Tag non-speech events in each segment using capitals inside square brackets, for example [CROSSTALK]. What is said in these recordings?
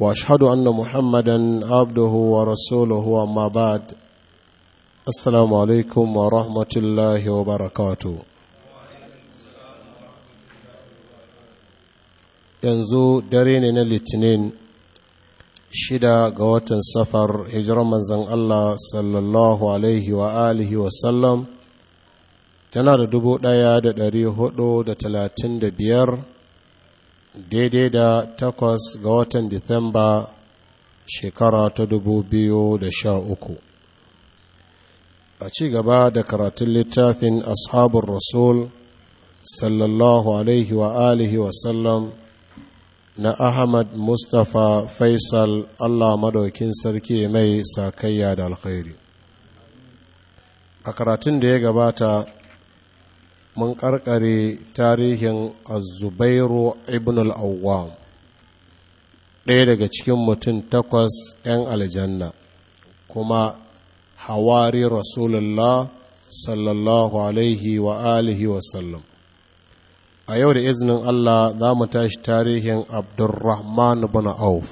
واشهد ان محمدا عبده ورسوله اما بعد السلام عليكم ورحمه الله وبركاته yanzu dare ne na litinin shida ga watan safar hijirar manzan Allah sallallahu alaihi wa alihi wasallam tana da dubu ɗaya da ɗari hudu da talatin da biyar daidai da takwas ga watan disamba shekara ta dubu biyu da sha uku a ci gaba da karatun littafin ashabun rasul sallallahu alaihi wa alihi wasallam na ahmad mustapha faisal allah madaukin sarki mai sakayya da alkhairi a karatun da ya gabata mun karkare tarihin azubairu ibn al'awwam ɗaya daga cikin mutum takwas 'yan aljanna kuma hawari rasulullah sallallahu alaihi wa alihi wasallam a yau da izinin allah za mu tashi tarihin abdurrahman bin auf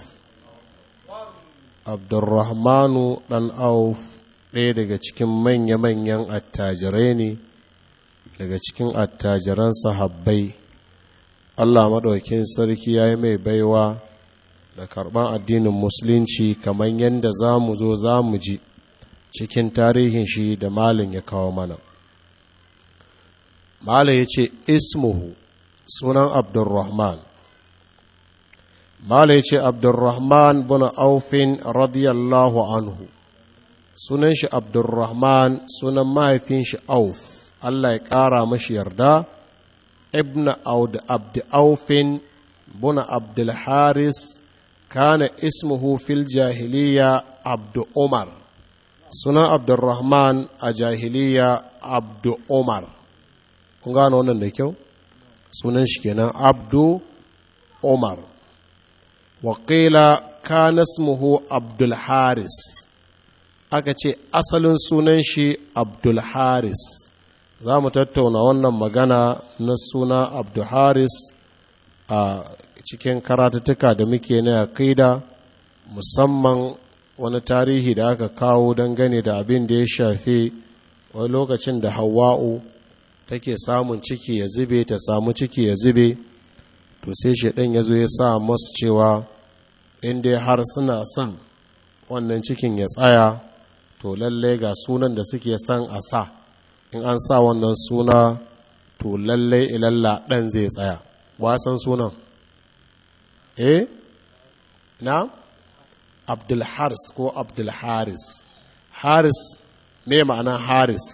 abdurrahmanu ɗan auf ɗaya daga cikin manya-manyan attajirai ne daga cikin attajiran sahabbai Allah maɗaukin sarki ya yi mai baiwa da karɓar addinin musulunci kamar yadda za mu zo za mu ji cikin tarihin shi da malin ya kawo mana malin ya ce ismuhu sunan abdurrahman malin ya ce abdurrahman bin aufin radiyallahu anhu sunan shi abdurrahman sunan mahaifin shi auf Allah ya ƙara mashi yarda ibn aud abd buna abdul haris kana ismuhu fil jahiliya abd umar sunan abdurrahman a jahiliya Abdu umar kun gano wannan da kyau sunan shi kenan abdu umar waƙila kana ismuhu abdul haris aka ce asalin sunan shi abdul haris za mu tattauna wannan magana na suna abdu haris a cikin karatattuka da muke na yaƙida musamman wani tarihi da aka kawo dangane da abin da ya shafi wani lokacin da hawa'u take samun ciki ya zube ta samu ciki ya zube to sai shaɗin ya zo ya sa masu cewa inda har suna son wannan cikin ya tsaya to lallai ga sunan da suke son a sa in an sa wannan suna to lallai ilalla ɗan zai tsaya wasan sunan eh na abdulharis ko abdulharis haris me ma'ana haris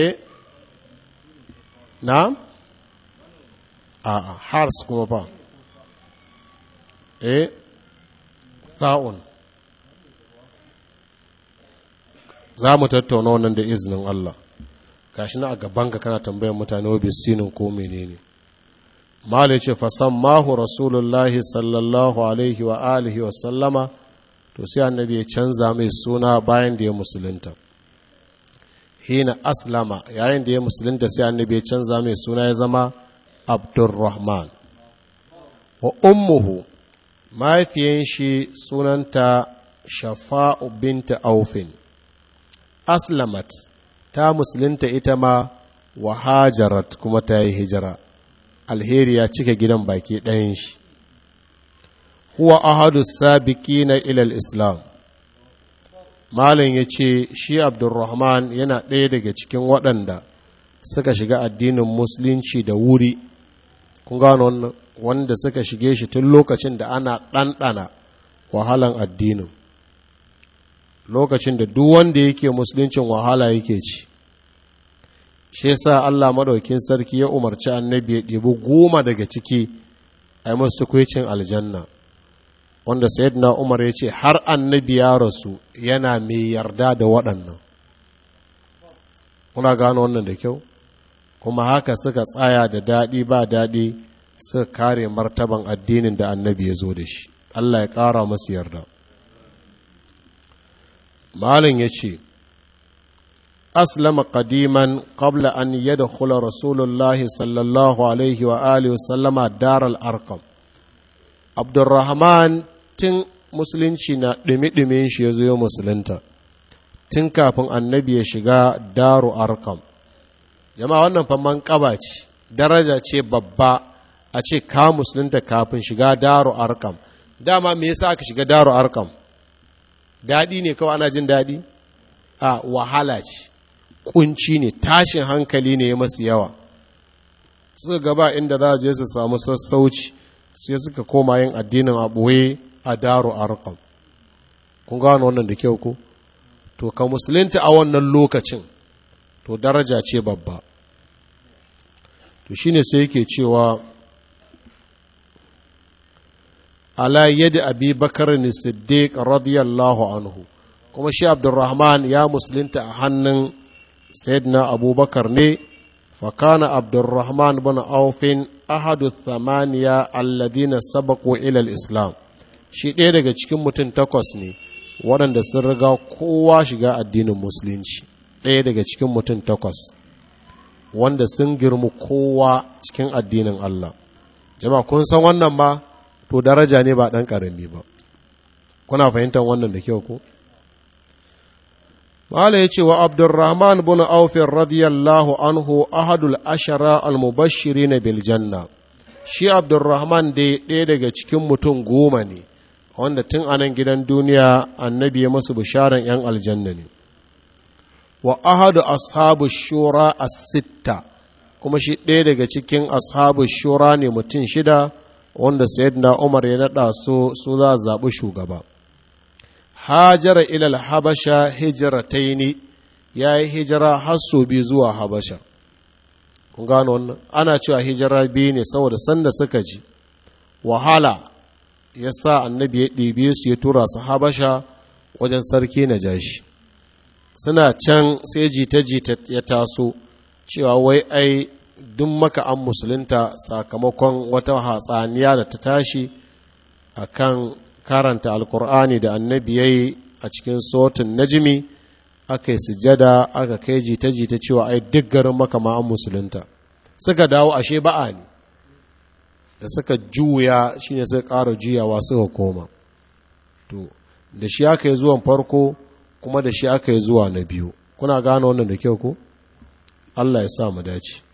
eh na a haris kuma ba eh sa'un za mu tattauna wannan da izinin Allah shi na a gabanka kana tambayar mutane wabi sinin ko menene mala ce ce fasammahu rasulullahi sallallahu alaihi wa alihi wa sallama to sai annabi ya canza mai suna bayan da ya musulunta hina aslama yayin da ya musulunta sai annabi ya canza mai suna ya zama abdurrahman wa ummuhu mahaifiyan shi sunanta shafa'u binta aufin aslamat ta musulunta ita ma wa hajarat kuma ta yi hijira alheri ya cika gidan baki ɗayan shi huwa ahadu na ilal islam malam ya ce shi abdulrahman yana ɗaya daga cikin waɗanda suka shiga addinin musulunci da wuri kun gano wanda suka shige shi tun lokacin da ana ɗanɗana wahalan addinin lokacin da duk wanda yake musuluncin wahala yake ci shi sa Allah maɗaukin sarki ya umarci annabi ya ɗebi goma daga ciki a masu kwicin aljanna wanda na umar ya ce har annabi ya rasu yana mai yarda da waɗannan kuna gano wannan da kyau kuma haka suka tsaya da daɗi ba daɗi suka kare martaban addinin da annabi ya zo da shi Allah ya ƙara masu yarda malam ya ce aslama kadiman kabla an kula rasulullahi sallallahu alaihi wa alihi sallama daral arkam abdurrahman tun musulunci na ɗumi-ɗumin shi ya zo musulunta tun kafin annabi ya shiga daru arkam jama'a wannan famman ƙaba ce daraja ce babba a ce ka musulunta kafin shiga daru arkam dama me yasa aka shiga daru arkam daɗi ne kawai ana jin daɗi a wahala ce kunci ne tashin hankali ne ya masu yawa suka gaba inda za je su samu sassauci sai suka koma yin addinin abuwe a daro a rukam kun gano wannan da kyau ko to ka musulunta a wannan lokacin to daraja ce babba to shine sai yake cewa ala yadda abi bakar ne siddiq radiyallahu anhu kuma shi abdurrahman ya musulunta a hannun sayyidina abubakar ne fakana abdurrahman bin aufin ahadu thamaniya alladina sabaku ilal islam shi ɗaya daga cikin mutum takwas ne waɗanda sun riga kowa shiga addinin musulunci ɗaya daga cikin mutum takwas wanda sun girmi kowa cikin addinin Allah jama'a kun san wannan ba to daraja ne ba ɗan ƙarami ba kuna fahimtar wannan da kyau ko Mala ya ce wa Abdurrahman bin Aufin radiyallahu anhu ahadul ashara al-mubashiri na biljanna shi Abdurrahman dai ɗaya daga cikin mutum goma ne wanda tun anan gidan duniya annabi ya masu bisharan 'yan aljanna ne wa ahadu ashabu shura as-sitta kuma shi ɗaya daga cikin ashabu shura ne mutum shida wanda na umar ya naɗa su su za zaɓi shugaba hajara ilal habasha hijrataini ya yi hijira har su biyu zuwa habasha kun gano wannan ana cewa hijira biyu ne saboda sanda suka ji wahala ya sa annabi ya ɗibe su ya tura su habasha wajen sarki na jashi suna can sai jita-jita ya taso cewa wai ai duk maka an musulunta sakamakon wata hatsaniya da ta tashi a kan karanta alkur'ani da annabi ya a cikin sotin najimi aka yi sujada aka kai jita-jita cewa ai duk garin maka ma an musulunta suka dawo ashe ba'a ne da suka juya shine suka ƙara juyawa suka koma to da shi aka yi zuwan farko kuma da shi aka yi zuwa na biyu kuna gane wannan da kyau ko Allah ya sa mu dace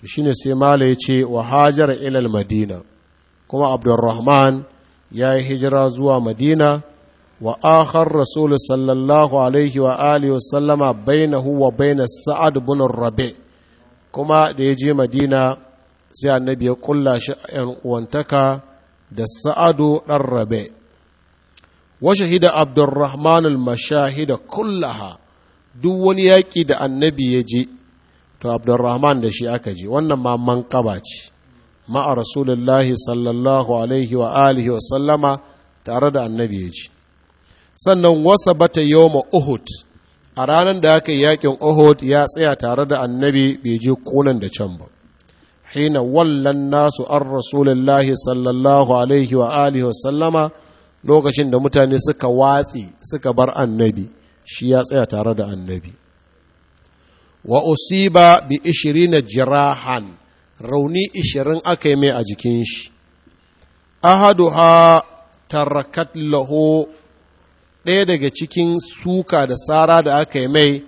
to shine sai mala ya ce wa hajara ilal madina kuma abdurrahman ya yi hijira zuwa madina wa akhar rasul sallallahu alaihi wa alihi wasallama bainahu wa baina sa'ad bin rabi kuma da ya je madina sai annabi ya kulla shi yan uwantaka da sa'adu dan rabe wa shahida abdurrahman al mashahida kullaha duk wani yaƙi da annabi ya je to abdurrahman da shi aka ji wannan ma kaba ce ma'a rasulullahi sallallahu alaihi wa alihi wa sallama tare da annabi ya ji sannan wasa bata ma uhud a ranar da aka yi yakin Uhud ya tsaya tare da annabi bai ji kunan da can ba hina wallan nasu an rasulullahi sallallahu alaihi wa alihi wa sallama lokacin da mutane suka watsi suka bar annabi shi ya tsaya tare da annabi wa usiba bi ishirina jirahan rauni ishirin aka yi mai a jikin shi ha tarakat laho ɗaya daga cikin suka da tsara da aka yi mai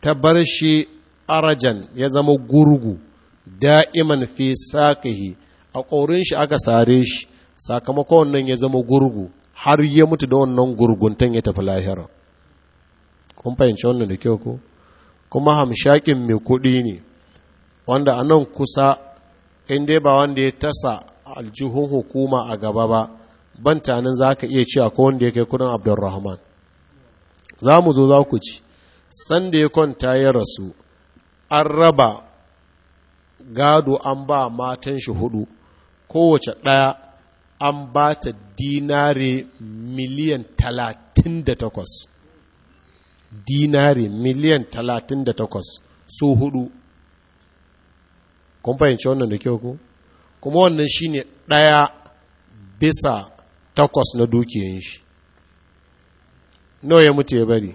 ta bar shi arajan ya zama gurgu da'iman fi sakahi a ƙorin shi aka sare shi sakamakon wannan ya zama gurgu har ya mutu da wannan gurguntan ya tafi lahira kun fahimci wannan da kyau ko kuma hamshakin mai kuɗi ne wanda a nan kusa in dai ba wanda ya tasa aljihun hukuma a gaba ba ban tanin za ka iya cewa ko wanda ya kai kudin abdurrahman za mu zo za ku ci sanda ya kwanta ya rasu an raba gado an ba matan shi hudu kowace ɗaya an ba ta dinare miliyan talatin da takwas dinari miliyan talatin da takwas su hudu kun fahimci wannan da kyau ku kuma wannan shine ɗaya bisa takwas na dukiyan shi nawa ya mutu ya bari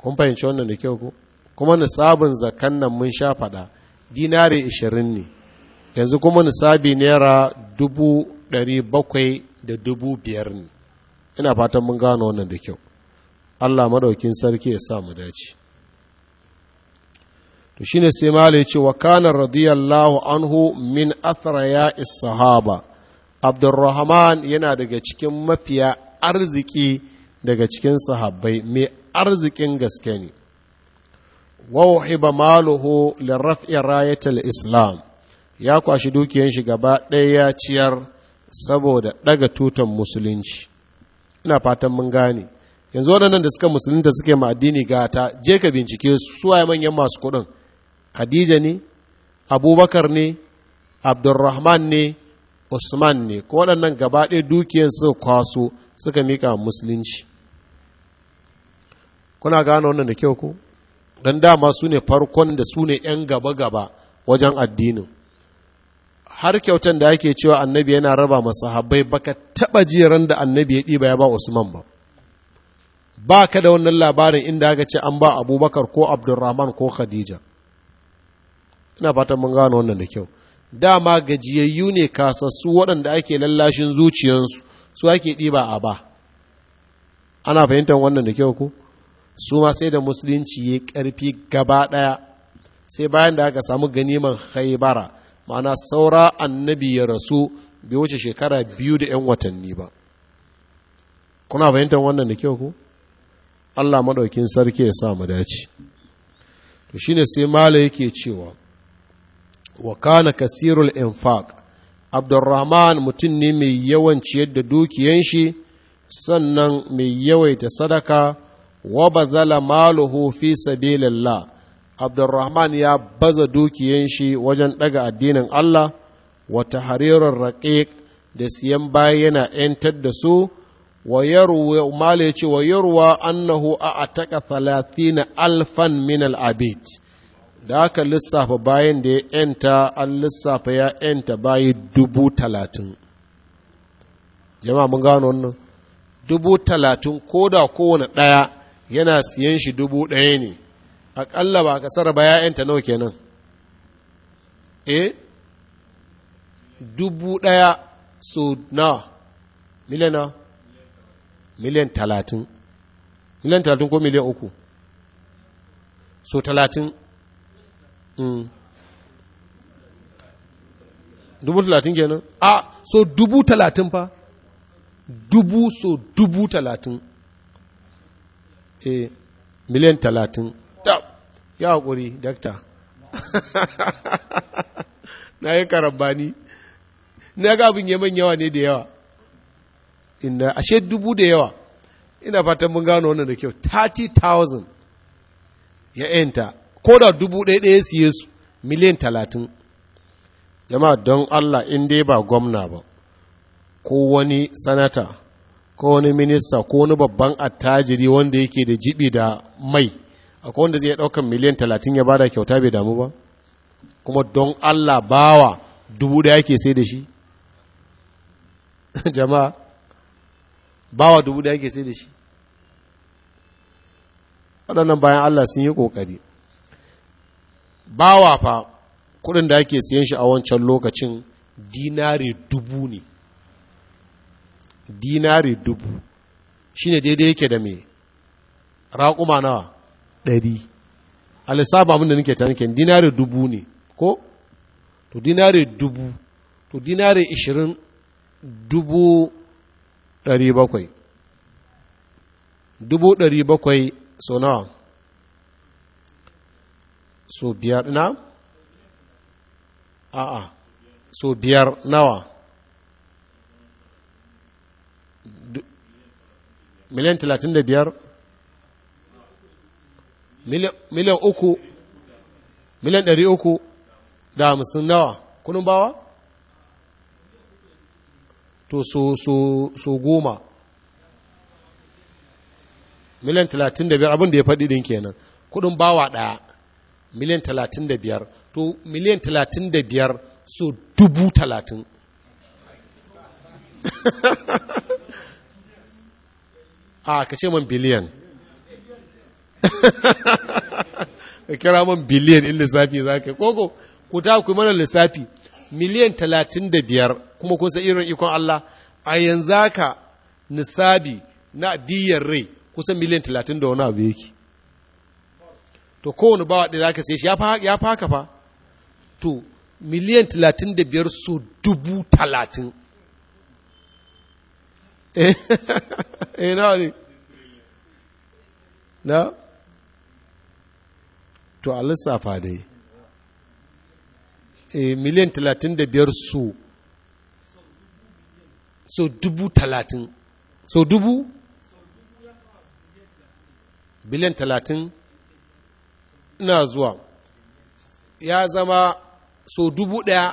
kun fahimci wannan da kyau ku kuma nisabin zakan nan mun sha faɗa dinari 20 ne yanzu kuma nisabi naira dubu ɗari bakwai da dubu biyar ne ina fatan mun gano wannan da kyau Allah maɗaukin sarki ya sa mu dace to shine sai malai ya ce wa kana radiyallahu anhu min athraya sahaba abdurrahman yana daga cikin mafiya arziki daga cikin sahabbai mai arzikin gaske ne wa uhiba maluhu liraf'i rayatul islam ya kwashi dukiyan shi gaba ɗaya ya ciyar saboda ɗaga tutan musulunci ina fatan mun gane yanzu waɗannan da suka musulunta suke ma addini gata je ka bincike su waye manyan masu kuɗin khadija ne abubakar ne abdurrahman ne usman ne ko waɗannan gaba ɗaya dukiyar su kwaso suka miƙa musulunci kuna gane wannan da kyau ko don dama su ne farkon da su ne 'yan gaba-gaba wajen addinin har kyautan da ake cewa annabi yana raba masahabbai baka taɓa jiran da annabi ya ɗiba ya ba usman ba ba ka da wannan labarin inda aka ce an ba abubakar ko abdurrahman ko khadija ina fatan mun gano wannan da kyau dama gajiyayyu ne kasassu waɗanda ake lallashin zuciyansu su ake ɗiba a ba ana fahimtar wannan da kyau ko su ma sai da musulunci ya ƙarfi gaba ɗaya sai bayan da aka samu ganiman haibara ma'ana saura annabi ya rasu bai wuce shekara biyu da 'yan watanni ba kuna fahimtar wannan da kyau ko Allah maɗaukin sarki ya sa mu dace to shine sai mala yake cewa wa kana kasirul infaq abdurrahman mutum ne mai yawan ciyar da dukiyan shi sannan mai yawaita sadaka wa bazala maluhu fi sabilillah abdurrahman ya baza dukiyan shi wajen ɗaga addinin Allah wata tahrirar raqiq da siyan baya yana 'yantar da su wa yarwa mala yace wa yarwa annahu a'taka 30 alfan min al-abid da aka lissafa bayan da ya yanta an lissafa dubu talatin mun gano wannan dubu talatin ko da kowane ɗaya yana siyan shi dubu ɗaya ne aƙalla ba kasar ba ya nawa kenan eh dubu ɗaya so na miliyan talatin miliyan talatin ko miliyan uku so talatin mm. dubu talatin kenan a so dubu talatin fa dubu so dubu talatin e miliyan talatin ya haƙuri dakta [LAUGHS] na yi karambani na ga abin yaman yawa ne da yawa inna ashe dubu da yawa ina fatan mun gano wannan da kyau 30,000 ya yanta ko da dubu ɗaya ɗaya siye su miliyan talatin jama'a don Allah in dai ba gwamna ba ko wani sanata ko wani minista ko wani babban attajiri wanda yake da jibi da mai akwai wanda zai ɗaukan miliyan talatin ya bada kyauta bai damu ba kuma don Allah bawa dubu ɗaya ke sai da shi [LAUGHS] jama'a bawa dubu da yake sai da shi waɗannan bayan Allah sun yi ƙoƙari bawa fa kuɗin da ake siyan shi a wancan lokacin dinari dubu ne dinari dubu shi ne daidai yake da mai raƙuma nawa ɗari a ba abin da nake ta nake dinari dubu ne ko to dinari dubu to dinari ishirin dubu ɗari bakwai dubu ɗari bakwai so nawa so biyar na a'a so biyar nawa miliyan talatin da biyar miliyan uku miliyan ɗari uku da hamsin nawa kunun bawa to su su su goma miliyan talatin da biyar abin da ya faɗi ɗin kenan kuɗin bawa ɗaya miliyan talatin da biyar to miliyan talatin da biyar so dubu talatin a [LAUGHS] ah, ka ce man biliyan [LAUGHS] ka kira man biliyan in lissafi za ka koko ku ta ku mana lissafi miliyan talatin da biyar kuma kun san irin ikon Allah a yanzu haka nisabi na diyar rai kusan miliyan talatin da wani abu yake to kowane bawa ɗaya zaka sai shi ya fa haka fa to miliyan talatin da biyar so dubu talatin [LAUGHS] eh, eh na ne na to a lissafa dai eh, miliyan talatin da biyar so so dubu talatin so dubu biliyan talatin ina zuwa ya zama so dubu ɗaya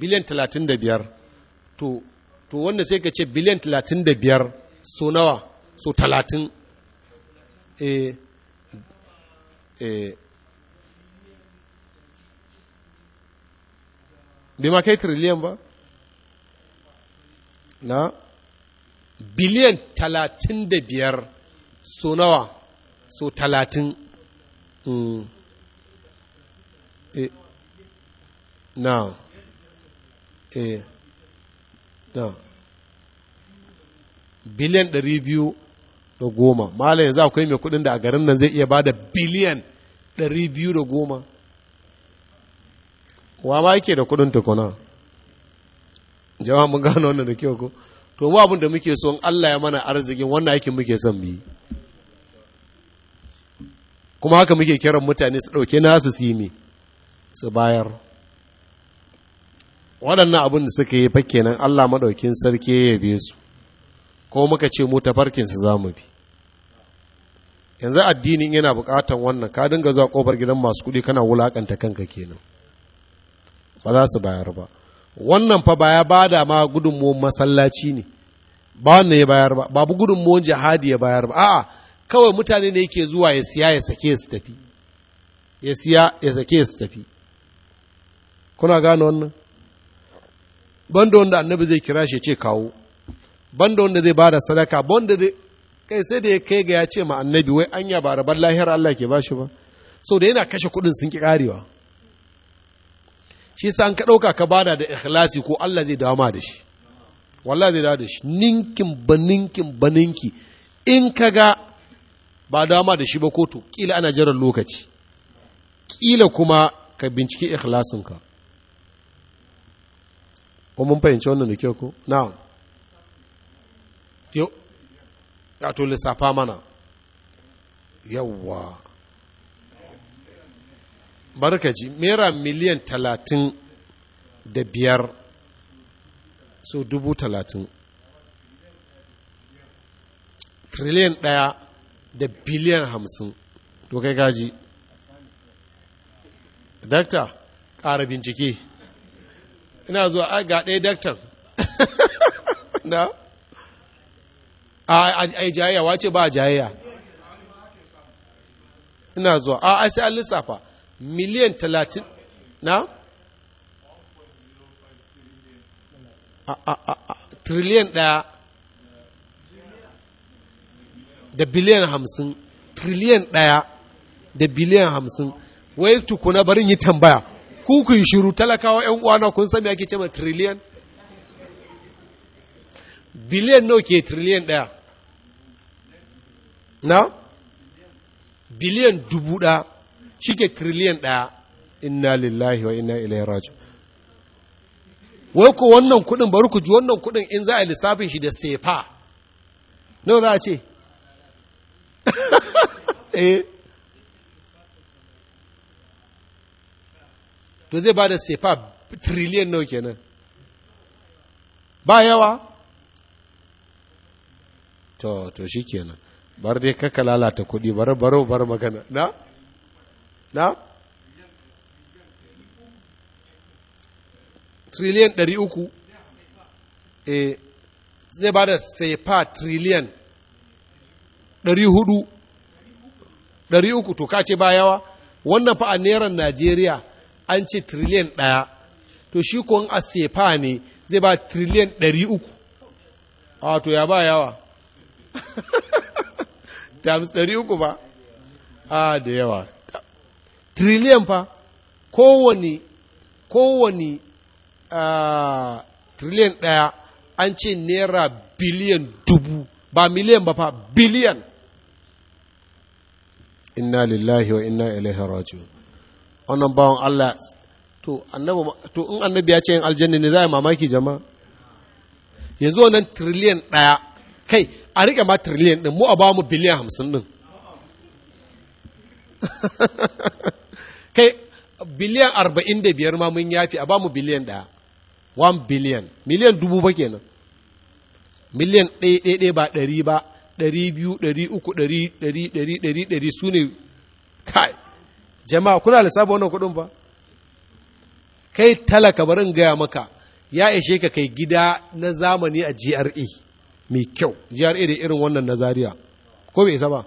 biliyan talatin da biyar to to wanda sai ka ce biliyan talatin da biyar so nawa so talatin eh, eh. bai ma kai triliyan ba na biliyan talatin da biyar so nawa so talatin hmm. eh. Eh. na biliyan ɗari biyu da goma malam yanzu akwai mai kudin da a garin nan zai iya ba da biliyan ɗari biyu da goma wa ma yake da kudin tukuna jama'a mun gano wannan da kyau ko to ba abin da muke so in Allah ya mana arzikin wannan aikin muke son mu yi kuma haka muke kiran mutane su dauke nasu su yi su bayar waɗannan abin da suka yi fakke nan Allah madaukin sarki ya biye su ko muka ce mu tafarkin su zamu bi yanzu addinin yana buƙatan wannan ka dinga zuwa kofar gidan masu kuɗi kana wulakanta kanka kenan ba za su bayar ba wannan fa ba ya bada ma gudunmuwan masallaci ne ba wannan ya bayar ba babu gudunmuwan jihadi ya bayar ba a'a kawai mutane ne yake zuwa ya siya ya sake su tafi ya siya ya sake su tafi kuna gane wannan banda wanda annabi zai kira shi ya ce kawo banda wanda zai bada sadaka banda zai kai sai da ya kai ga ya ce ma annabi wai anya ba rabar lahiyar Allah ke bashi ba so da yana kashe kuɗin sun ki karewa shi sa an ka ɗauka ka bada da ikhlasi ko Allah zai dama da shi wallahi zai dawo da shi ninkin ba ninkin ba ninki in ka ga ba dama da shi ba ko to kila ana jiran lokaci kila kuma ka bincike ikhlasinka ko mun fahimci wannan da kyau ko na'am yau ya to lissafa mana yawwa barkaji mera miliyan talatin da biyar so dubu talatin triliyan ɗaya da biliyan hamsin to kai gaji dakta ƙara bincike ina zuwa ga ɗaya daktan [LAUGHS] na a jayayya wace ba jayayya ina zuwa a sai an lissafa miliyan talatin na? triliyan ɗaya da biliyan hamsin triliyan ɗaya da biliyan hamsin wai tukuna barin yi tambaya ku yi shiru talakawa ‘yan uwana kun sami ake ce ma triliyan biliyan nau ke triliyan ɗaya na biliyan dubu ɗaya Cike ke triliyan ɗaya inna lillahi wa inna ilayhi raju. wai ko wannan kuɗin bari ku ji wannan kuɗin in za a lissafin shi da sefa nawa za a ce [LAUGHS] eh. to zai ba da sefa triliyan nawa kenan ba yawa to to shi kenan bar dai kaka lalata kuɗi bar baro bar magana na na? trillion ɗari uku e zai ba da saifa trillion ɗari hudu ɗari uku to ka ce ba yawa wannan fa a neran najeriya an ce trillion ɗaya to shi ko a sefa ne zai ba trillion ɗari uku a to ya ba yawa [LAUGHS] times ɗari uku ba a da yawa triliyan fa kowani kowani uh, ah, triliyan ɗaya an ce naira biliyan dubu ba miliyan ba fa biliyan inna lillahi wa inna ilaihi raji'un wannan bawan Allah to annabi to in annabi ya ce yin aljanna ne za a mamaki jama'a yanzu wannan triliyan ɗaya kai a rike ma triliyan ɗin mu a ba mu biliyan hamsin ɗin [LAUGHS] kai biliyan arba'in da biyar ma mun yafi a bamu biliyan ɗaya one biliyan miliyan dubu ba kenan miliyan ɗaya ɗaya ɗaya ba ɗari ba ɗari biyu ɗari uku ɗari ɗari ɗari ɗari ɗari su ne kai jama'a kuna lissafi wannan kuɗin ba kai talaka barin gaya maka ya ishe ka kai gida na zamani a GRA mai kyau GRA da irin wannan nazariya ko bai isa ba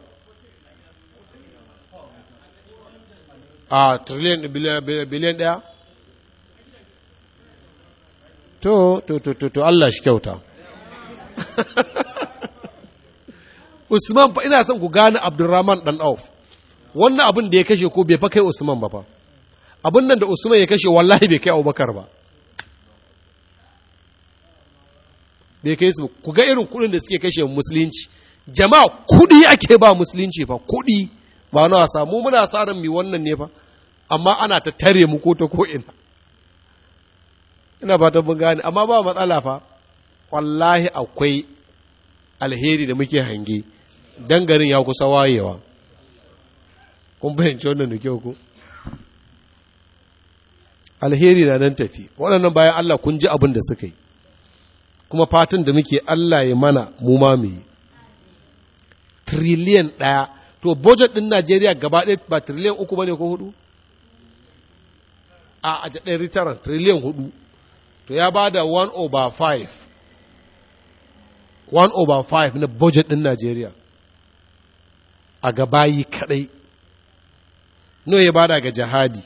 a trillion biliyan ɗaya to to to to to Allah shi kyauta [LAUGHS] Usman fa ina son ku gane Abdulrahman dan Auf wannan abin da ya kashe ko bai fa kai Usman ba fa abin nan da Usman ya kashe wallahi bai kai Abubakar ba bai kai su ku ga irin kudin da suke kashe musulunci jama'a kudi ake ba musulunci fa kudi ba na wasa mu muna sa ran mi wannan ne ba amma ana ta tare mu ko ta ko ina ina fatan mun gane amma ba matsala fa wallahi akwai alheri da muke hange dan garin ya kusa wayewa kun fahimci wannan da kyau ko alheri na nan tafi waɗannan bayan Allah kun ji abin da suka yi kuma fatan da muke Allah ya mana mu ma mu yi triliyan ɗaya to budget ɗin Najeriya gaba ɗaya ba triliyan uku ba ne ko hudu? A aje ɗaya ritaran triliyan hudu, to ya ba da 1 over 5, one over five na budget ɗin Najeriya a gaba yi kaɗai. Nawa ya bada ga jihadi,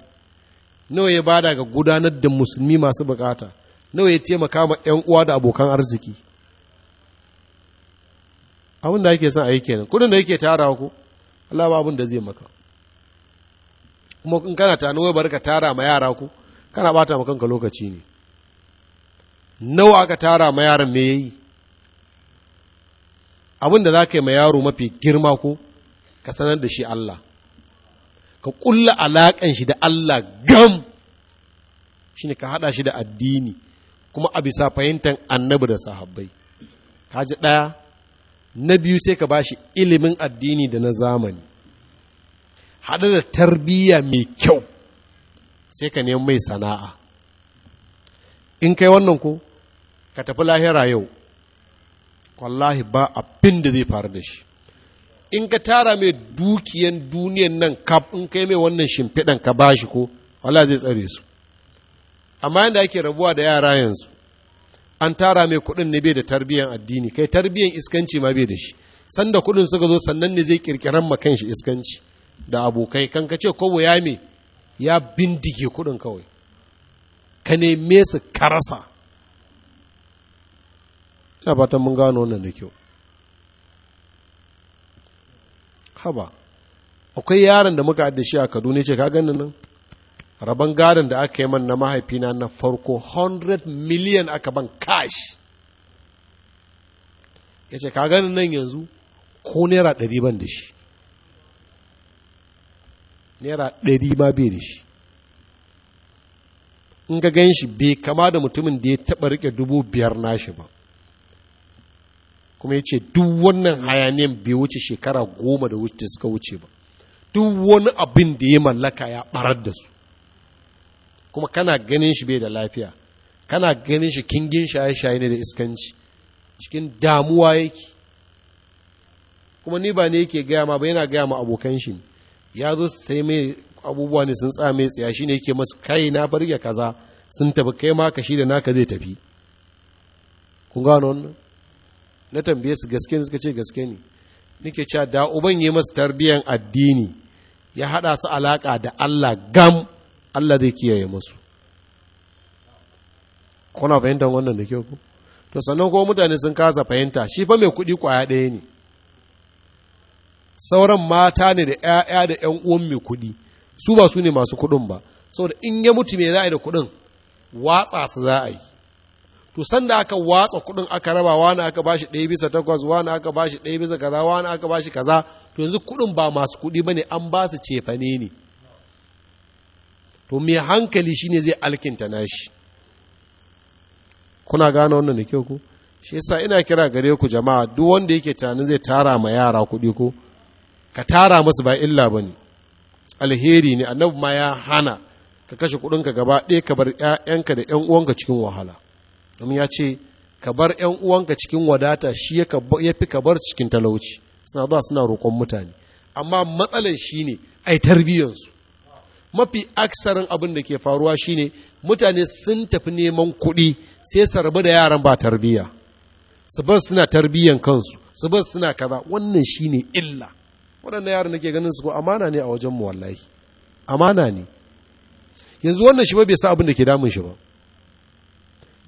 nawa ya bada ga gudanar da musulmi masu bukata, nawa ya taimaka ma 'yan uwa da abokan arziki. abin da ake son a yi kenan kudin da yake tara ku Allah ba abin da zai maka kuma in kana tano wai barka tara ma yara ku kana bata ma kanka lokaci ne nawa aka tara ma yaran me yayi abin da za ka yi ma yaro mafi girma ko ka sanar da shi Allah ka kulla alaƙan shi da Allah gam shi ne ka haɗa shi da addini kuma a bisa fahimtar annabi da sahabbai kaji ji ɗaya na biyu sai ka bashi ilimin addini da na zamani haɗe da tarbiyya mai kyau sai ka neman mai sana'a in kai wannan ko ka tafi lahira yau wallahi ba abin da zai faru da shi in ka tara mai dukiyan duniyan nan kaf in kai mai wannan shimfiɗan ka bashi ko wala zai tsare su amma yadda ake rabuwa da yara yanzu an tara mai kuɗin ne bai da tarbiyyar addini kai tarbiyyar iskanci ma bai da shi sanda kuɗin suka zo sannan ne zai kirkiran ma shi iskanci da abokai kan ka ce kowa ya me ya bindige kuɗin kawai ka neme su karasa ina fatan mun gano wannan da kyau haba akwai yaron da muka addashi a kaduna ce ka ganin nan rabon gadon da aka yi man na mahaifina na farko 100 miliyan aka ban kashi. ya ce ka ganin nan yanzu ko naira ɗari ban da shi naira ɗari ma bai da shi in ga gan shi bai kama da mutumin da ya taɓa riƙe dubu biyar nashi ba kuma ya ce duk wannan hayaniyan bai wuce shekara goma da wuce da suka wuce ba duk wani abin da ya mallaka ya ɓarar da su kuma kana ganin shi bai da lafiya kana ganin shi kingin shaye-shaye ne da iskanci cikin damuwa yake kuma ni ba ne yake gaya ma ba yana gaya ma abokan shi ya zo sai mai abubuwa ne sun tsame tsaya shi ne yake masu kai na farge kaza sun tafi kai ma kashi da naka zai tafi kun gano wannan na tambaye su gaske ne suka ce gaske ne nake cewa da uban yi masu tarbiyyar addini ya haɗa su alaka da Allah gam Allah zai kiyaye musu kuna fahimtar wannan da kyau ku to sannan kuma mutane sun kasa fahimta shi fa mai kuɗi kwaya ɗaya ne sauran mata ne da ‘ya'ya da ‘yan uwan mai kuɗi su ba su ne masu kuɗin ba saboda in ya mutu mai za a yi da kuɗin watsa su za a yi to sanda aka watsa kuɗin aka raba wani aka bashi ɗaya bisa takwas wani aka bashi ɗaya bisa kaza wani aka bashi kaza to yanzu kuɗin ba masu kuɗi ba ne an ba su cefane ne to mai hankali shine zai alkinta nashi kuna gane wannan da kyau ku? shi yasa ina kira gare ku jama'a duk wanda yake tunanin zai tara ma yara kuɗi ko ka tara musu ba illa bane alheri ne annabi ma ya hana ka kashe ka gaba ɗaya ka bar ƴaƴanka da ƴan uwanka cikin wahala domin ya ce ka bar ƴan uwanka cikin wadata shi ya fi ka bar cikin talauci suna zuwa suna roƙon mutane amma matsalar shine ai su. mafi aksarin abin da ke faruwa shine mutane sun tafi neman kuɗi sai su da yaran ba tarbiyya su bar suna tarbiyyan kansu su bar suna kaza wannan shine illa waɗannan yaran nake ganin su ko amana ne a wajen mu wallahi amana ne yanzu wannan shi ba bai sa abin da ke damun shi ba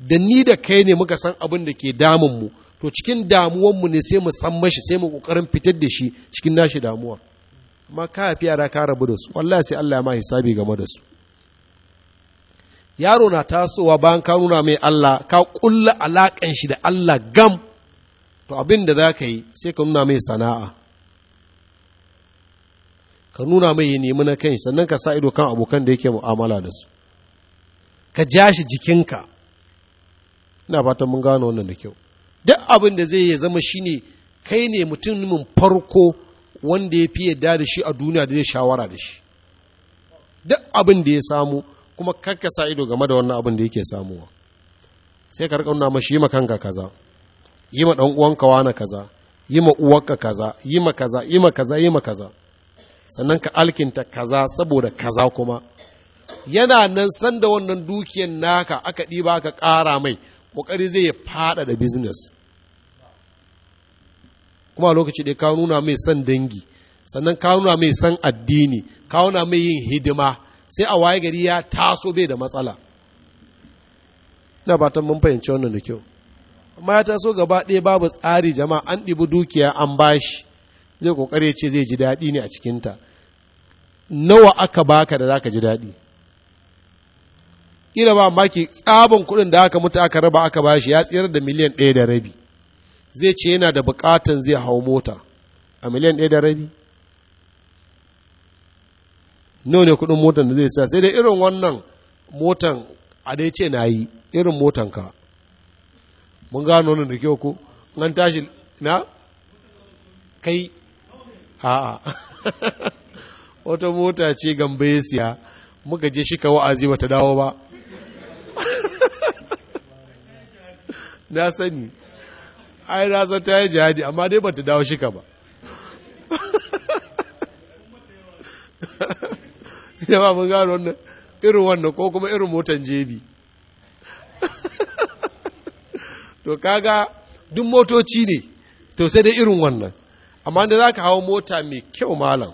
da ni da kai ne muka san abin da ke damun mu to cikin damuwan ne sai mu san mashi sai mu kokarin fitar da shi cikin nashi damuwa. ma ka yara ka rabu da su wallahi sai Allah ya ma hisabi game da su yaro na tasowa bayan ka nuna mai Allah ka kulla alakan shi da Allah gam to abin da za ka yi sai ka nuna mai sana'a ka nuna mai ya nemi na kai sannan ka sa ido kan abokan da yake mu'amala da su ka ja shi jikinka ina fatan mun gano wannan da kyau duk abin da zai yi zama shine kai ne mutumin farko wanda ya fi yadda da shi a duniya da zai shawara da shi duk abin da ya samu kuma kakka sa ido game da wannan abin da yake samuwa sai ka rika mashi yi ma kanka kaza yi ma dan uwanka wani kaza yi ma uwarka kaza yi ma kaza yi ma kaza yi ma kaza sannan ka alkinta kaza saboda kaza kuma yana nan sanda wannan dukiyan naka aka ɗiba ka ƙara mai ƙoƙari zai faɗa da business kuma lokaci ɗaya kawo nuna mai son dangi sannan kawo nuna mai son addini kawo nuna mai yin hidima sai a waye gari ya taso bai da matsala ina batan mun fahimci wannan da kyau amma ya taso gaba ɗaya babu tsari jama'a an ɗibi dukiya an bashi zai kokare ce zai ji daɗi ne a cikinta nawa aka baka da zaka ji daɗi ƙila ba maki tsabon kuɗin da aka mutu aka raba aka bashi ya tsayar da miliyan ɗaya da rabi zai ce yana da bukatan zai hau mota a miliyan ɗaya da rabi nawa ne kudin motan da zai sa sai dai irin wannan motan a dai ce na yi irin motan ka mun gano nan da kyau ko an tashi na kai a [LAUGHS] wata mota ce gambe siya muka je shi ka wa'azi bata dawo ba [LAUGHS] na sani ai rasa ta yi jihadi amma dai bata dawo shika ba [LAUGHS] jama mun gano wannan irin wannan ko kuma irin motan jebi [LAUGHS] to kaga duk motoci ne to sai dai irin wannan amma da za ka hawo mota mai kyau malam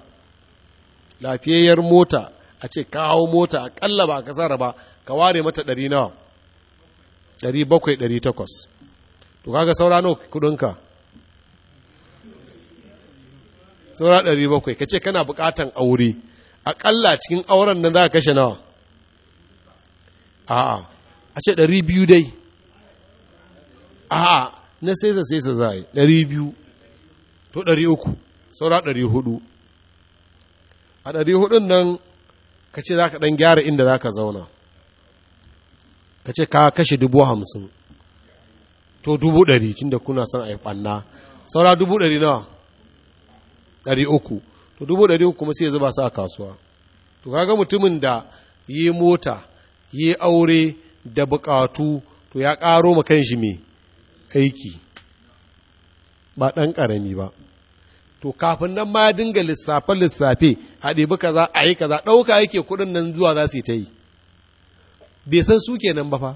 lafiyayyar mota a ce ka hawo mota akalla ba ka sarra ba ka ware mata ɗari nawa ɗari bakwai ɗari takwas to kaga saura nawa kudinka saura ɗari bakwai ka ce kana buƙatan aure akalla cikin auren nan za ka kashe nawa a'a a ce ɗari biyu dai a'a na sesa sesa za a yi ɗari biyu to ɗari uku saura ɗari hudu a ɗari hudun nan ka ce za ka ɗan gyara inda za ka zauna ka ce ka kashe dubu hamsin to dubu ɗari tun da kuna son a yi ɓanna saura dubu ɗari na ɗari uku to dubu ɗari uku kuma sai ya zuba su a kasuwa to kaga mutumin da yi mota yi aure da buƙatu to ya ƙaro ma kan shi me aiki ba ɗan ƙarami ba to kafin nan ma ya dinga lissafe lissafe a ɗebi kaza a yi kaza ɗauka yake kuɗin nan zuwa za su yi ta yi bai san su kenan ba fa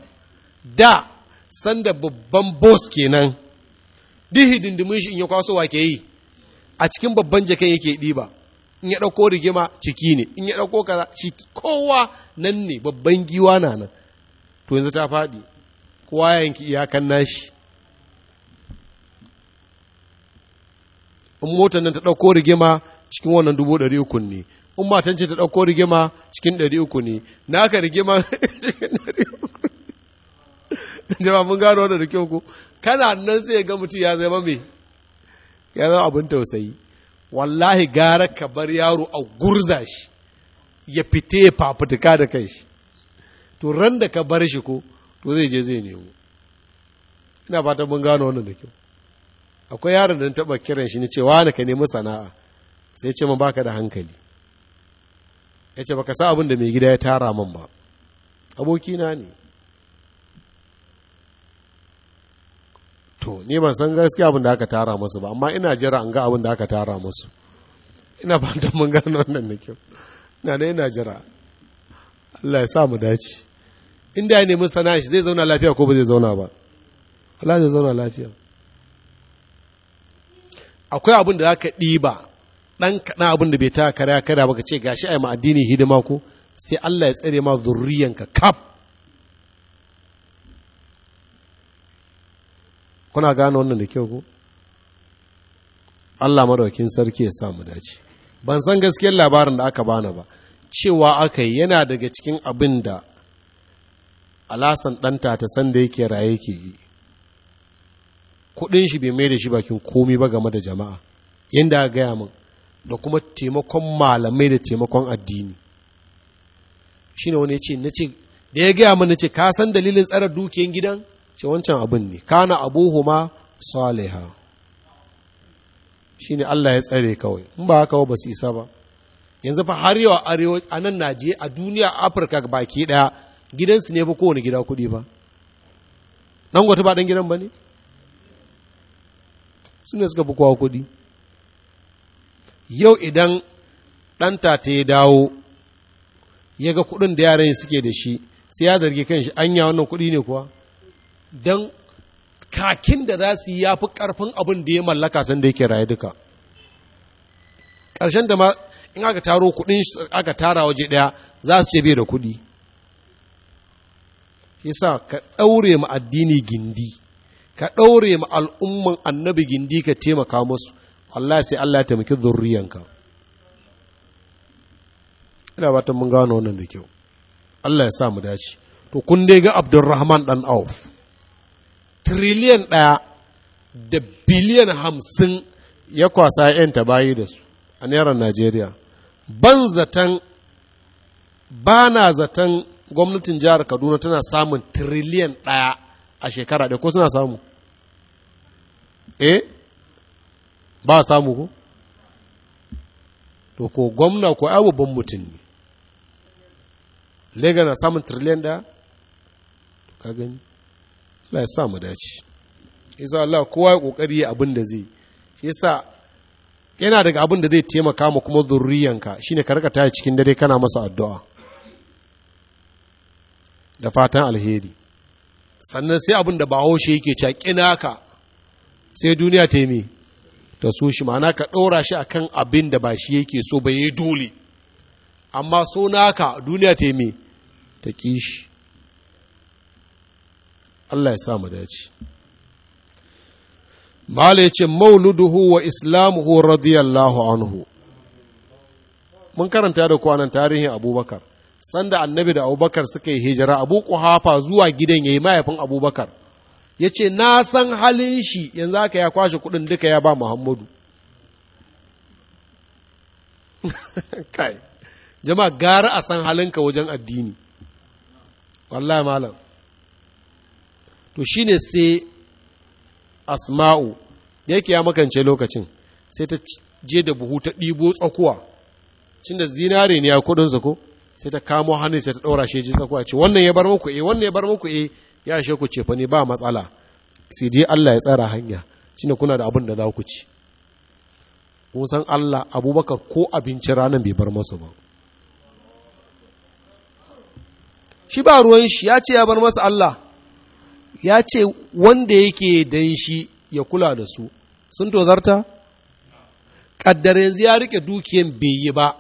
da sanda babban boss kenan dihi dindimin shi in ya kwaso wa ke yi a cikin babban jakan yake ba. in ya ɗauko rigima ciki ne in ya ɗauko kaza ciki kowa nan ne babban giwa na nan to yanzu ta faɗi kowa yanki iyakan nashi in motar nan ta ɗauko rigima cikin wannan dubu ɗari uku ne in matan ce ta ɗauko rigima cikin ɗari uku ne naka rigima [LAUGHS] cikin ɗari uku [LAUGHS] jama mun gano wannan da kyau ko kana nan sai ga mutum ya zama me ya zama abin tausayi wallahi gara ka bar yaro a gurza shi ya fite ya fafutuka da kai shi to ran da ka bar shi ko to zai je zai nemo ina fatan mun gano wannan da kyau akwai yaron da taba kiran shi ne ce wani ka nemi sana'a sai ce man baka da hankali ya ce baka sa abin da mai gida ya tara man ba abokina ne to ni ban san gaskiya abin da aka tara musu ba amma ina jira an ga abin da aka tara musu ina ba da mun gano wannan da kyau ina ne ina jira Allah ya sa mu dace inda ya nemi sana shi zai zauna lafiya ko ba zai zauna ba Allah zai zauna lafiya akwai abin da zaka ɗiba dan kaɗan abin da bai ta kare kare ba ka ce gashi ai ma addini hidima ko sai Allah ya tsare ma zurriyanka kaf kuna gane wannan da kyau ko Allah madaukin sarki ya samu dace ban san gaskiyar labarin da aka bana ba cewa aka yi yana daga cikin abin da alasan ɗanta ta san da yake raye ke yi kuɗin shi bai mai da shi bakin komi ba game da jama'a yadda a gaya min da kuma taimakon malamai da taimakon addini shi wani ya ce da ya gaya min na ce ka san dalilin tsara dukiyar gidan ce wancan abin ne kana abuhuma saliha shine Allah ya tsare kawai in ba haka ba su isa ba yanzu fa har yau arewa a nan je a duniya Afirka baki daya gidansu ne fa kowane gida kuɗi ba ɗan gwata ba dan gidan ba ne su ne suka fi kowa kuɗi yau idan ɗanta ta ya dawo ya ga kuɗin da yaran suke da shi sai ya zargi kan shi anya wannan kuɗi ne kuwa don kakin da za su yi ya fi ƙarfin abin da ya mallaka sun da yake raye duka ƙarshen da ma in aka taro kuɗin aka tara waje ɗaya za su ce bai da kuɗi sa ka ɗaure ma addini gindi ka ɗaure ma al'umman annabi gindi ka taimaka musu Allah sai Allah ya taimaki zurriyanka ina ba ta mun gano wannan da kyau Allah ya sa mu dace to kun dai ga Abdulrahman dan Auf triliyan ɗaya da biliyan hamsin ya kwasa 'yanta bayi da su a naira najeriya ban zaton ba na zaton gwamnatin jihar kaduna tana samun triliyan ɗaya a shekara ɗaya ko suna samu eh ba samu ko to ko gwamna ko abubuwan mutum ne lega na samun triliyan ɗaya to ka gani Allah ya sa mu dace Allah kowa ya kokari abin da zai shi yasa yana daga abin da zai taimaka ma kuma zurriyanka shine ka rika cikin dare kana masa addu'a da fatan alheri sannan sai abin da bawo shi yake cewa ka sai duniya ta yi ta so shi ma'ana ka ɗora shi a kan abin da ba shi yake so ba yi dole amma so naka duniya ta yi ta kishi Allah ya sa mu dace Malai ce mauluduhu wa islamuhu radiyallahu anhu mun karanta da kwanan tarihin abubakar sanda annabi da abubakar suka yi hijira abu kuhafa zuwa gidan ya yi mahaifin abubakar ya ce na san halin shi yanzu aka ya kwashe kuɗin duka ya ba muhammadu [LAUGHS] kai jama'a gara a san halinka wajen addini wallahi malam to shi ne sai asma'u da yake ya makance lokacin sai ta je da buhu ta ɗibo tsakuwa cin da zinare ne ya kudin ko sai ta kamo hannun sai ta ɗora shi ji tsakuwa ce wannan ya bar muku e wannan ya bar muku e ya ashe ku cefa ne ba matsala sai dai Allah ya tsara hanya shine kuna da abin da za ku ci kun san Allah abubakar ko abinci ranar bai bar masu ba shi ba ruwan shi ya ce ya bar masa Allah ya ce wanda yake dan shi ya kula da su sun tozarta ƙaddar yanzu ya rike dukiyan bai yi ba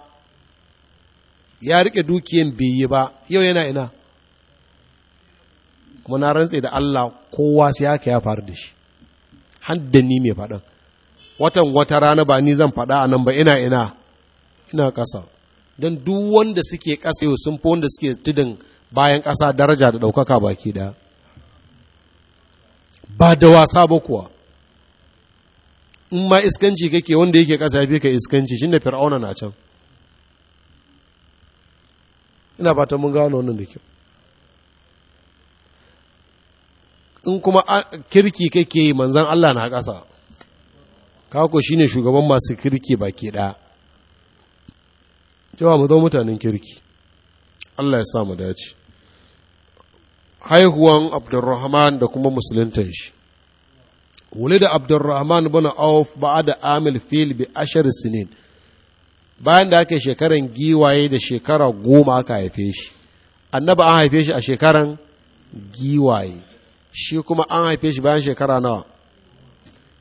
ya rike dukiyan bai yi ba yau yana ina kuma na rantse da Allah kowa sai haka ya faru da shi hadda ni mai faɗin watan wata rana ba ni zan faɗa a nan ba ina ina ina ƙasa don duk wanda suke ƙasa yau sun fi wanda suke tudun bayan ƙasa daraja da ɗaukaka baki ɗaya ba da wasa ba kuwa in ma iskanci kake wanda yake ƙasa ya fi ka iskanci shi ne fir'auna na can ina fatan mun gano wannan da kyau in kuma kirki kake yi manzan Allah na ƙasa kako shi ne shugaban masu kirki baki ɗaya cewa mu zo mutanen kirki Allah ya sa mu dace haihuwan abdurrahman da kuma musulunta shi da abdurrahman bin auf da amil fil bi ashar sinin bayan da ake shekaran giwaye da shekara goma aka haife shi annaba an haife shi a shekaran giwaye shi kuma an haife shi bayan shekara nawa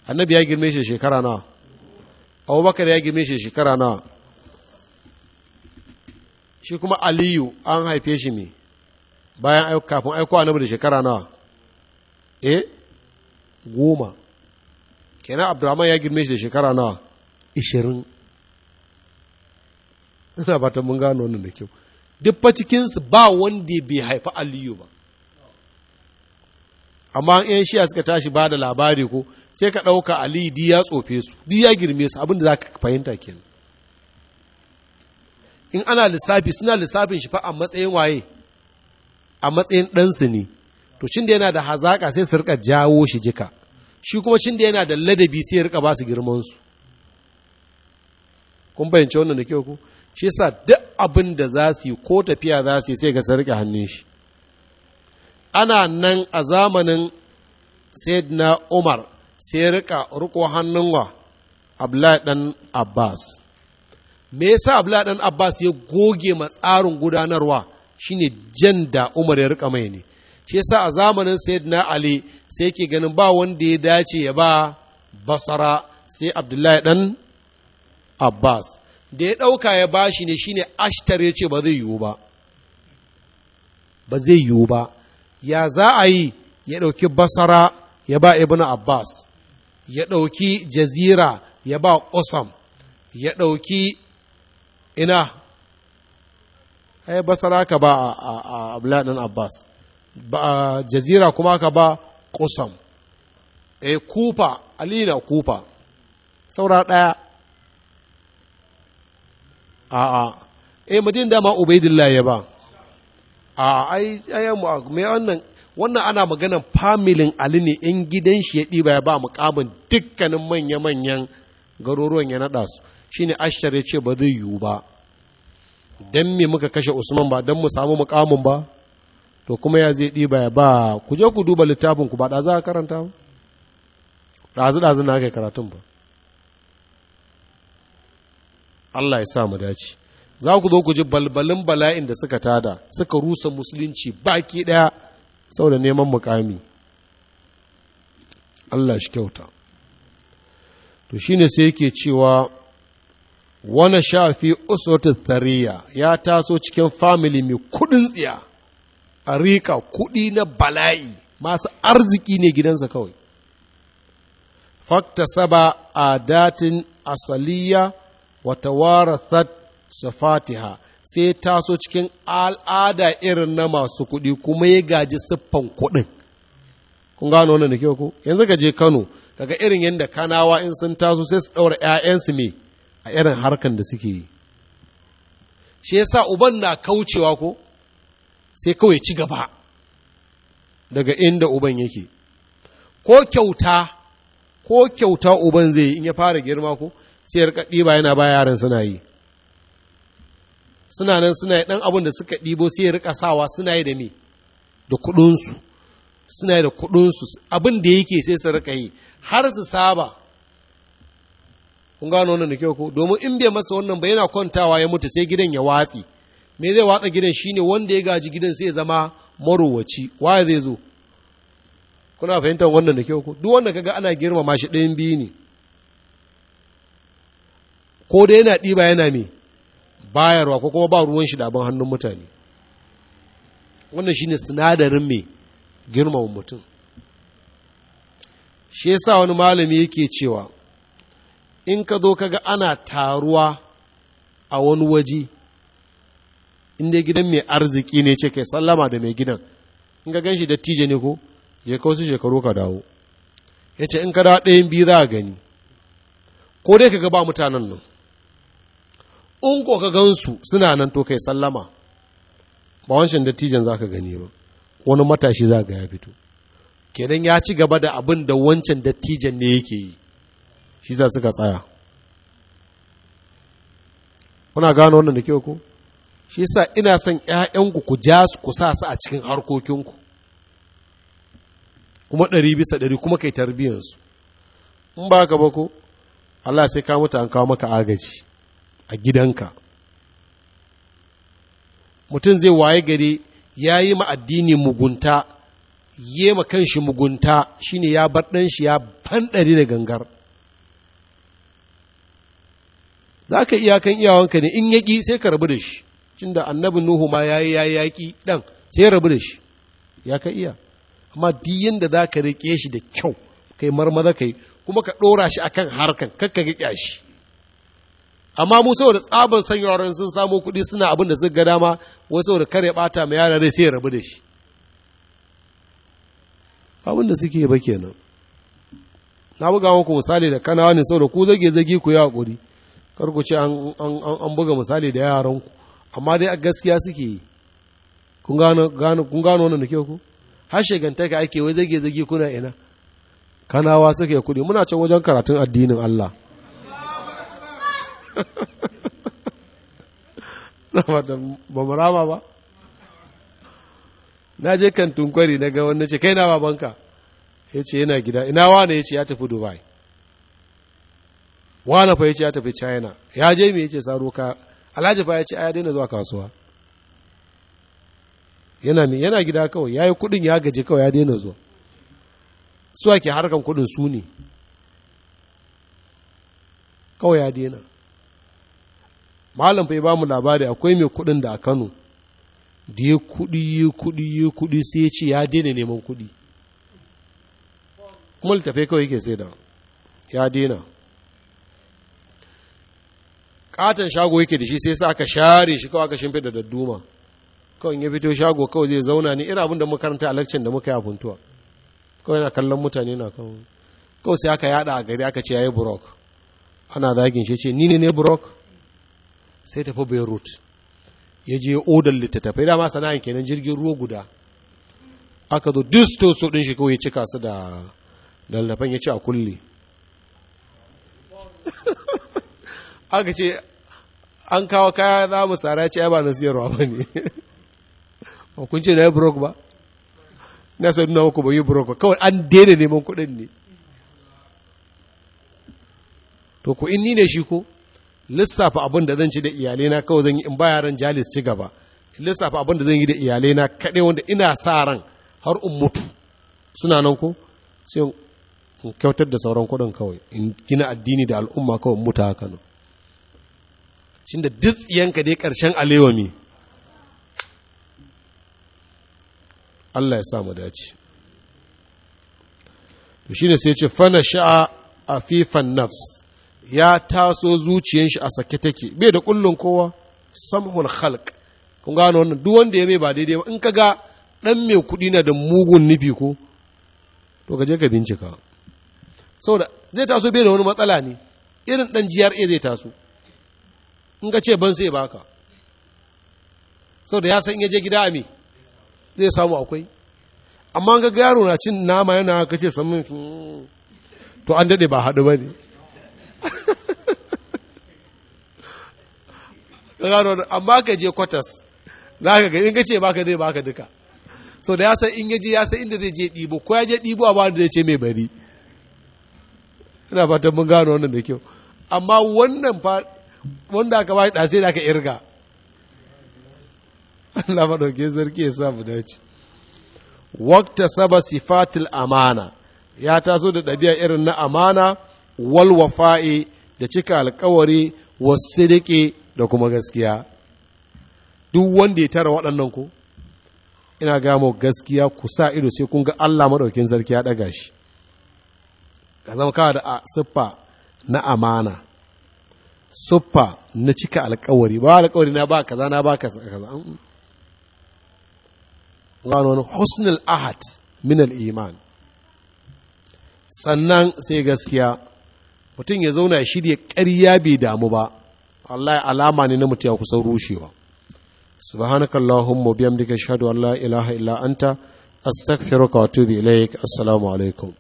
annabi ya girme shi shekara nawa abubakar ya girme shi shekara nawa shi kuma aliyu an haife shi me bayan kafin aiko annabi da shekara nawa eh goma kenan abdurrahman ya girme shi da shekara nawa ishirin ina ba ta mun gano wannan da kyau duk fa cikinsu ba wanda bai haifi aliyu ba amma yan shiya suka tashi ba da labari ko sai ka ɗauka aliyu di ya tsofe su di ya girme su abinda za ka fahimta kenan in ana lissafi suna lissafin shi fa a matsayin waye a matsayin ɗansu ne to cin da yana da hazaƙa sai su rika jawo shi jika shi kuma cin da yana da ladabi sai ya rika ba su girmansu kun bayyance wannan da kyau ku shi sa duk abin da za su yi ko tafiya za su yi sai ga su rika hannun shi ana nan a zamanin na umar sai rika riko hannun wa abdullahi dan abbas me yasa abdullahi dan abbas ya goge matsarin gudanarwa shine jan da Umar ya rika mai ne shi yasa a zamanin Sayyidina Ali sai yake ganin ba wanda ya dace ya ba Basara sai Abdullahi dan Abbas da ya ɗauka ya bashi ne shine ashtar ya ce ba zai yiwu ba ba zai yiwu ba ya za a yi ya ɗauki basara ya ba ibn abbas ya ɗauki jazira ya ba usam ya ɗauki ina ai eh, basara ka ba a abladin abbas ba jazira kuma ka ba kusam E eh, kufa alina kufa saura ɗaya a'a eh madin dama ubaidillah ya ba a ai ayan mu me wannan wannan ana maganan familin ali ne in gidan shi ya ɗiba ya ba mukamin dukkanin manya-manyan garuruwan ya naɗa su shine ashar ya ce ba zai yiwu ba don me muka kashe usman ba don mu samu mukamin ba to kuma ya zai ɗiba ya ba ku je ku duba littafin ku ba da za a karanta ba ɗazu ɗazu na kai karatun ba Allah ya sa mu dace za ku zo ku ji balbalin bala'in da suka tada suka rusa musulunci baki ɗaya saboda neman mukami Allah shi kyauta to shine sai yake cewa wani shafi usurtu thariya ya taso cikin famili mai kudin tsiya a rika kudi na bala'i masu arziki ne gidansa kawai fakta saba a datin asaliya wata warathat safatiha sai taso cikin al'ada irin na masu kudi kuma ya gaji siffan kudin kun gano wannan da kyau ko yanzu ka je kano daga irin yadda kanawa in sun taso sai su ɗaura 'ya'yansu me a irin harkan da suke yi shi yasa uban na kaucewa ko sai kawai ci gaba daga inda uban yake ko kyauta ko kyauta uban zai yi in ya fara girma ko sai ya rika ɗiba yana ba yaran suna yi suna nan suna yi ɗan abin da suka ɗibo sai ya rika sawa suna yi da me da kuɗinsu suna yi da kuɗinsu abin da yake sai su rika yi har su saba kun gano wannan da kyau ko domin in bai masa wannan ba yana kwantawa ya mutu sai gidan ya watsi me zai watsa gidan shine wanda ya gaji gidan sai ya zama marowaci waye zai zo kuna fahimtar wannan da kyau ko duk wanda kaga ana girmama shi ɗayan biyu ne ko da yana ɗiba yana me bayarwa ko kuma ba ruwan shi da abin hannun mutane wannan shine sinadarin me girmama mutum shi yasa wani malami yake cewa in ka zo kaga ana taruwa a wani waje inda gidan mai arziki ne ce kai sallama da mai gidan in ka gan shi da tije ne ko je ka wasu shekaru ka dawo ya ce in ka dawo ɗayan biyu za a gani ko dai ka ga ba mutanen nan in ko ka gansu suna nan to kai sallama ba wancan dattijan za ka gani ba wani matashi za ga ya fito kenan ya ci gaba da abin da wancan dattijan ne yake yi shi za suka tsaya kuna gano wannan da kyau ko shi sa ina son ƴaƴanku ku ja su ku sa su a cikin harkokinku kuma ɗari bisa ɗari kuma kai tarbiyyarsu in ba ka ba ko Allah sai ka mutu an kawo maka agaji a gidanka mutum zai waye gare ya yi ma addini mugunta yi kanshi mugunta shine ya bar ɗan shi ya ɗari da gangar za ka iyakan iyawanka ne in ƙi sai ka rabu da shi cin da annabin nuhu ma ya yi ya yaƙi ɗan sai rabu da shi ya ka iya amma duk yadda za ka riƙe shi da kyau kai marmaza kai kuma ka ɗora shi akan harkan kakka ka shi amma mu da tsabar san yaran sun samo kuɗi suna abin da suka ga dama wai saboda kare bata mai yara sai rabu da shi abin da suke ba kenan na buga muku misali da kanawa ne saboda ku zage zage ku yi ƙuri. karku ce an buga misali da yaranku amma dai a gaskiya suke yi kun gano wani da ke ku ganta ka ake wai zage zage kuna ina kanawa suke kuɗi muna can wajen karatun addinin Allah [LAUGHS] na ba ba na je kan tunkwari na ga wani ce kai na babanka ya ce yana gida ina wane ya ce ya tafi dubai wala fa yace ya tafi china ya je me yace saro ka alhaji fa yace ya daina zuwa kasuwa yana me yana gida kawai yayi kudin ya gaji kawai ya daina zuwa su ake harkan kudin su ne kawai ya daina malam fa ya bamu labari akwai mai kudin da a Kano da ya kudi ya kudi ya kudi sai ya ce ya daina neman kudi kuma littafai kawai yake sai da ya daina katon shago yake da shi sai sa aka share shi kawai aka shimfida da duma kawai ya fito shago kawai zai zauna ne irin abin da muka karanta a lakcin da muka yi abuntuwa kawai yana kallon mutane na kawai kawai sai aka yada a gari aka ce yayi burok ana zagin shi ce ni ne ne brok sai tafi beirut ya je odar littattafai dama sana'a kenan jirgin ruwa guda aka zo disto so din shi kawai ya cika su da lallafan ya ce a kulle [LAUGHS] aka ce an kawo kaya za mu tsara ce ba na siyarwa ba ne [LAUGHS] ba kun ce na yi brok ba na sai nuna muku ba yi brok ba kawai an daina neman kuɗin ne to ku in ni ne shi ko lissafa abin da zan ci da iyalai na kawai zan yi in ba yaran jalis ci gaba lissafa abin da zan yi da iyalai na kaɗai wanda ina sa ran har in mutu suna nan ko sai in kyautar da sauran kuɗin kawai in gina addini da al'umma kawai mutu haka nan shi da ditsiyanka dai ƙarshen alewami Allah ya samu dace to shi ne sai ce fana sha'a afifan nafs ya taso zuciyar shi a sake take bai da kullun kowa samhul khalq kun gano wannan duk wanda ya mai ba daidai ba in ka ga dan mai kudi na da mugun nufi ko to ka je ka bincika saboda zai taso bai da wani matsala ne irin dan GRA zai taso in ka ce ban sai baka sau da ya san ya je gida a me zai samu akwai amma ga yaro na cin nama yana ka ce samun hmm. to an daɗe ba haɗu ba ne [LAUGHS] amma ka je kwatas za ka in ka ce baka zai baka duka sau da ya san in yaje ya san inda zai je ɗibo ko ya je ɗibo a da zai ce mai bari ina fatan mun gano wannan da kyau amma wannan fa wanda aka ba da sai da aka irga Allah maɗauke sarki ya sa mu dace wakta saba sifatil amana ya taso da ɗabi'a irin na amana wal wafa'i da cika alƙawari wasu da kuma gaskiya duk wanda ya tara waɗannan ko ina mu gaskiya ku sa ido sai kun ga Allah madaukin sarki ya ɗaga shi ka zama kawa da siffa na amana suffa na cika alkawari ba alkawari na ba kaza na ba kaza kaza gano wani husnul ahad min iman sannan sai gaskiya mutum ya zauna ya shirya ƙarya bai damu ba Allah alama ne na mutum ya kusan rushewa subhanaka allahumma bihamdika ashhadu an la ilaha illa anta astaghfiruka wa atubu ilaik assalamu alaikum